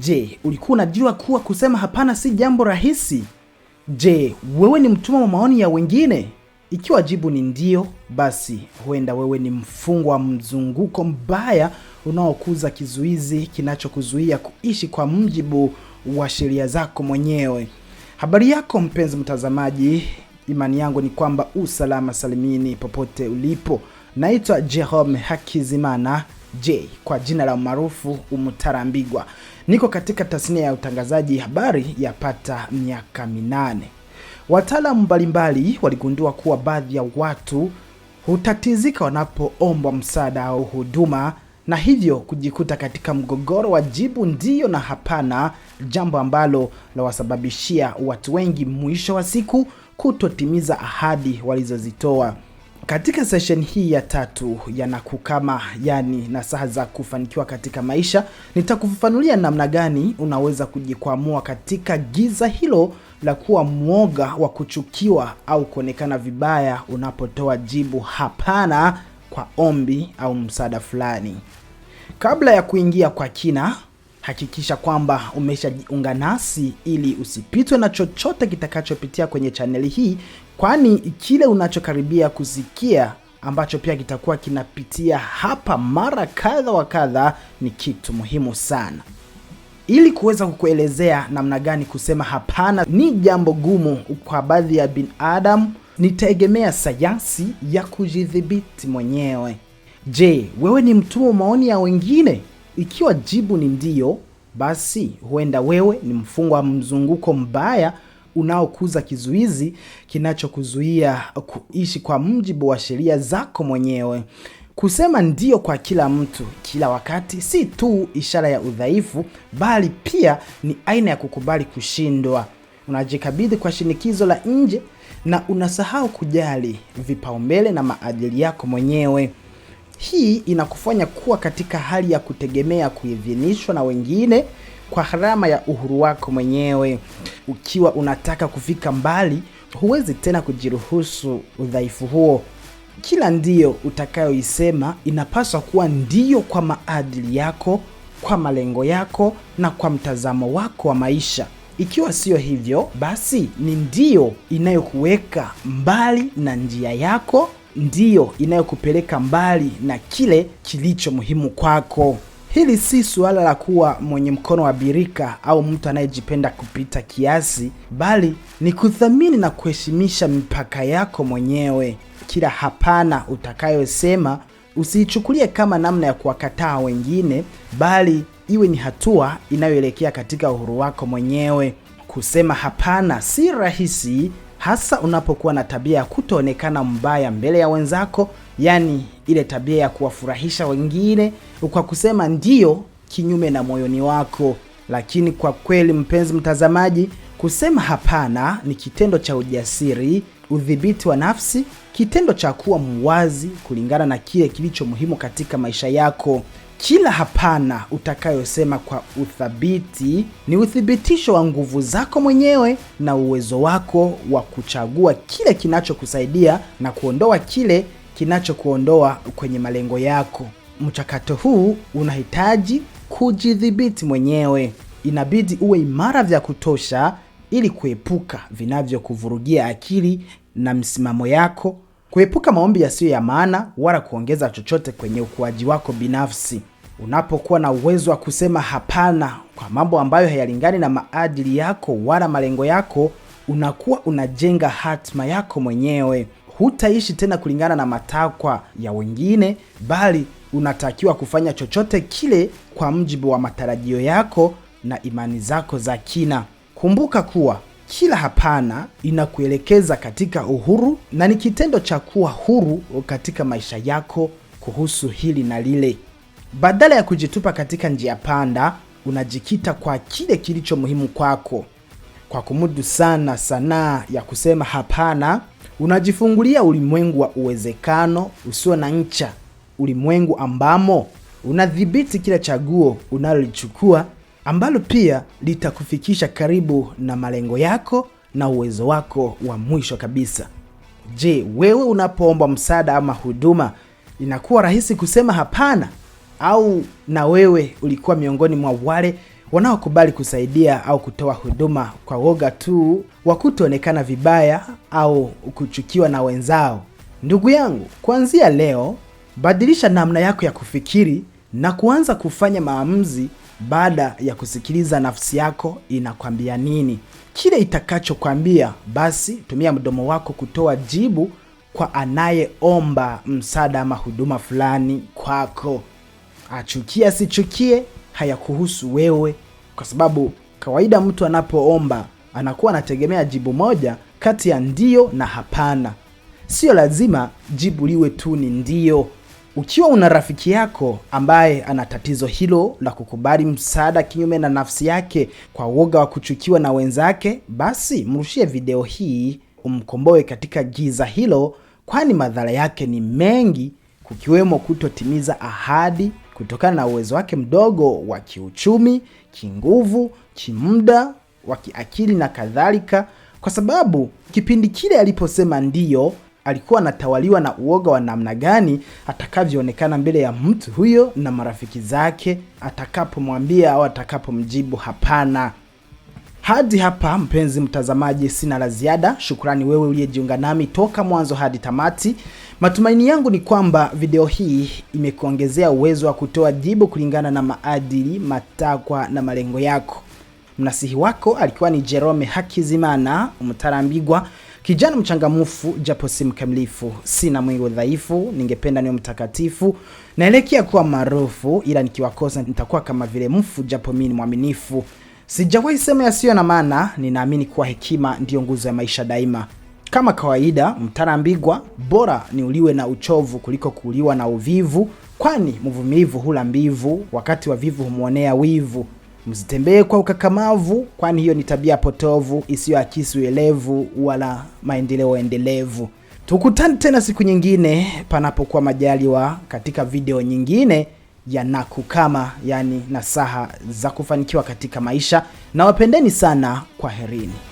Je, ulikuwa unajua kuwa kusema hapana si jambo rahisi? Je, wewe ni mtumwa wa maoni ya wengine? Ikiwa jibu ni ndio, basi huenda wewe ni mfungwa wa mzunguko mbaya unaokuza kizuizi kinachokuzuia kuishi kwa mujibu wa sheria zako mwenyewe. Habari yako mpenzi mtazamaji, imani yangu ni kwamba usalama salimini popote ulipo. Naitwa Jerome Hakizimana. J kwa jina la umaarufu Umutarambigwa. Niko katika tasnia ya utangazaji habari yapata miaka minane. Wataalamu mbalimbali waligundua kuwa baadhi ya watu hutatizika wanapoombwa msaada au huduma na hivyo kujikuta katika mgogoro wa jibu ndiyo na hapana, jambo ambalo lawasababishia watu wengi mwisho wa siku kutotimiza ahadi walizozitoa. Katika session hii ya tatu ya Nakukama, yani nasaha za kufanikiwa katika maisha, nitakufafanulia namna gani unaweza kujikwamua katika giza hilo la kuwa mwoga wa kuchukiwa au kuonekana vibaya unapotoa jibu hapana kwa ombi au msaada fulani. Kabla ya kuingia kwa kina Hakikisha kwamba umeshajiunga nasi ili usipitwe na chochote kitakachopitia kwenye chaneli hii, kwani kile unachokaribia kusikia ambacho pia kitakuwa kinapitia hapa mara kadha wa kadha ni kitu muhimu sana. Ili kuweza kukuelezea namna gani kusema hapana ni jambo gumu kwa baadhi ya binadamu, nitaegemea sayansi ya kujidhibiti mwenyewe. Je, wewe ni mtumwa maoni ya wengine ikiwa jibu ni ndiyo, basi huenda wewe ni mfungwa wa mzunguko mbaya unaokuza kizuizi kinachokuzuia kuishi kwa mujibu wa sheria zako mwenyewe. Kusema ndiyo kwa kila mtu kila wakati si tu ishara ya udhaifu, bali pia ni aina ya kukubali kushindwa. Unajikabidhi kwa shinikizo la nje na unasahau kujali vipaumbele na maadili yako mwenyewe. Hii inakufanya kuwa katika hali ya kutegemea kuidhinishwa na wengine kwa gharama ya uhuru wako mwenyewe. Ukiwa unataka kufika mbali, huwezi tena kujiruhusu udhaifu huo. Kila ndiyo utakayoisema inapaswa kuwa ndiyo kwa maadili yako, kwa malengo yako na kwa mtazamo wako wa maisha. Ikiwa siyo hivyo, basi ni ndiyo inayokuweka mbali na njia yako ndiyo inayokupeleka mbali na kile kilicho muhimu kwako. Hili si suala la kuwa mwenye mkono wa birika au mtu anayejipenda kupita kiasi, bali ni kuthamini na kuheshimisha mipaka yako mwenyewe. Kila hapana utakayosema usiichukulie kama namna ya kuwakataa wengine, bali iwe ni hatua inayoelekea katika uhuru wako mwenyewe. Kusema hapana si rahisi, hasa unapokuwa na tabia ya kutoonekana mbaya mbele ya wenzako, yaani ile tabia ya kuwafurahisha wengine kwa kusema ndiyo kinyume na moyoni wako. Lakini kwa kweli, mpenzi mtazamaji, kusema hapana ni kitendo cha ujasiri, udhibiti wa nafsi, kitendo cha kuwa mwazi kulingana na kile kilicho muhimu katika maisha yako. Kila hapana utakayosema kwa uthabiti ni uthibitisho wa nguvu zako mwenyewe na uwezo wako wa kuchagua kile kinachokusaidia na kuondoa kile kinachokuondoa kwenye malengo yako. Mchakato huu unahitaji kujidhibiti mwenyewe. Inabidi uwe imara vya kutosha ili kuepuka vinavyokuvurugia akili na msimamo yako, kuepuka maombi yasiyo ya maana wala kuongeza chochote kwenye ukuaji wako binafsi. Unapokuwa na uwezo wa kusema hapana kwa mambo ambayo hayalingani na maadili yako wala malengo yako, unakuwa unajenga hatima yako mwenyewe. Hutaishi tena kulingana na matakwa ya wengine, bali unatakiwa kufanya chochote kile kwa mjibu wa matarajio yako na imani zako za kina. Kumbuka kuwa kila hapana inakuelekeza katika uhuru na ni kitendo cha kuwa huru katika maisha yako kuhusu hili na lile. Badala ya kujitupa katika njia panda, unajikita kwa kile kilicho muhimu kwako. Kwa kumudu sana sanaa ya kusema hapana, unajifungulia ulimwengu wa uwezekano usio na ncha, ulimwengu ambamo unadhibiti kila chaguo unalolichukua ambalo pia litakufikisha karibu na malengo yako na uwezo wako wa mwisho kabisa. Je, wewe unapoomba msaada ama huduma, inakuwa rahisi kusema hapana? au na wewe ulikuwa miongoni mwa wale wanaokubali kusaidia au kutoa huduma kwa woga tu wa kutoonekana vibaya au kuchukiwa na wenzao? Ndugu yangu, kuanzia leo badilisha namna yako ya kufikiri na kuanza kufanya maamuzi baada ya kusikiliza nafsi yako inakwambia nini. Kile itakachokwambia basi, tumia mdomo wako kutoa jibu kwa anayeomba msaada ama huduma fulani kwako achukie asichukie, hayakuhusu wewe, kwa sababu kawaida mtu anapoomba anakuwa anategemea jibu moja kati ya ndio na hapana. Sio lazima jibu liwe tu ni ndio Ukiwa una rafiki yako ambaye ana tatizo hilo la kukubali msaada kinyume na nafsi yake kwa uoga wa kuchukiwa na wenzake, basi mrushie video hii umkomboe katika giza hilo, kwani madhara yake ni mengi, kukiwemo kutotimiza ahadi, kutokana na uwezo wake mdogo wa kiuchumi, kinguvu, kimuda, wa kiakili na kadhalika, kwa sababu kipindi kile aliposema ndiyo alikuwa anatawaliwa na uoga wa namna gani atakavyoonekana mbele ya mtu huyo na marafiki zake atakapomwambia au atakapomjibu hapana. Hadi hapa mpenzi mtazamaji, sina la ziada. Shukrani wewe uliyejiunga nami toka mwanzo hadi tamati. Matumaini yangu ni kwamba video hii imekuongezea uwezo wa kutoa jibu kulingana na maadili, matakwa na malengo yako. Mnasihi wako alikuwa ni Jerome Hakizimana Umutarambirwa, kijana mchangamfu japo si mkamilifu. Sina mwingi udhaifu, ningependa niwe mtakatifu. Naelekea kuwa maarufu, ila nikiwakosa nitakuwa kama vile mfu, japo mimi ni mwaminifu. Sijawahi sema yasiyo na maana, ninaamini kuwa hekima ndiyo nguzo ya maisha daima. Kama kawaida, mtarambigwa bora ni uliwe na uchovu kuliko kuuliwa na uvivu, kwani mvumivu hula mbivu, wakati wavivu humwonea wivu. mzitembee kwa ukakamavu, kwani hiyo ni tabia potovu isiyoakisi uelevu wala maendeleo endelevu. Tukutane tena siku nyingine, panapokuwa majaliwa, katika video nyingine ya Nakukama, yani nasaha za kufanikiwa katika maisha. Nawapendeni sana, kwaherini.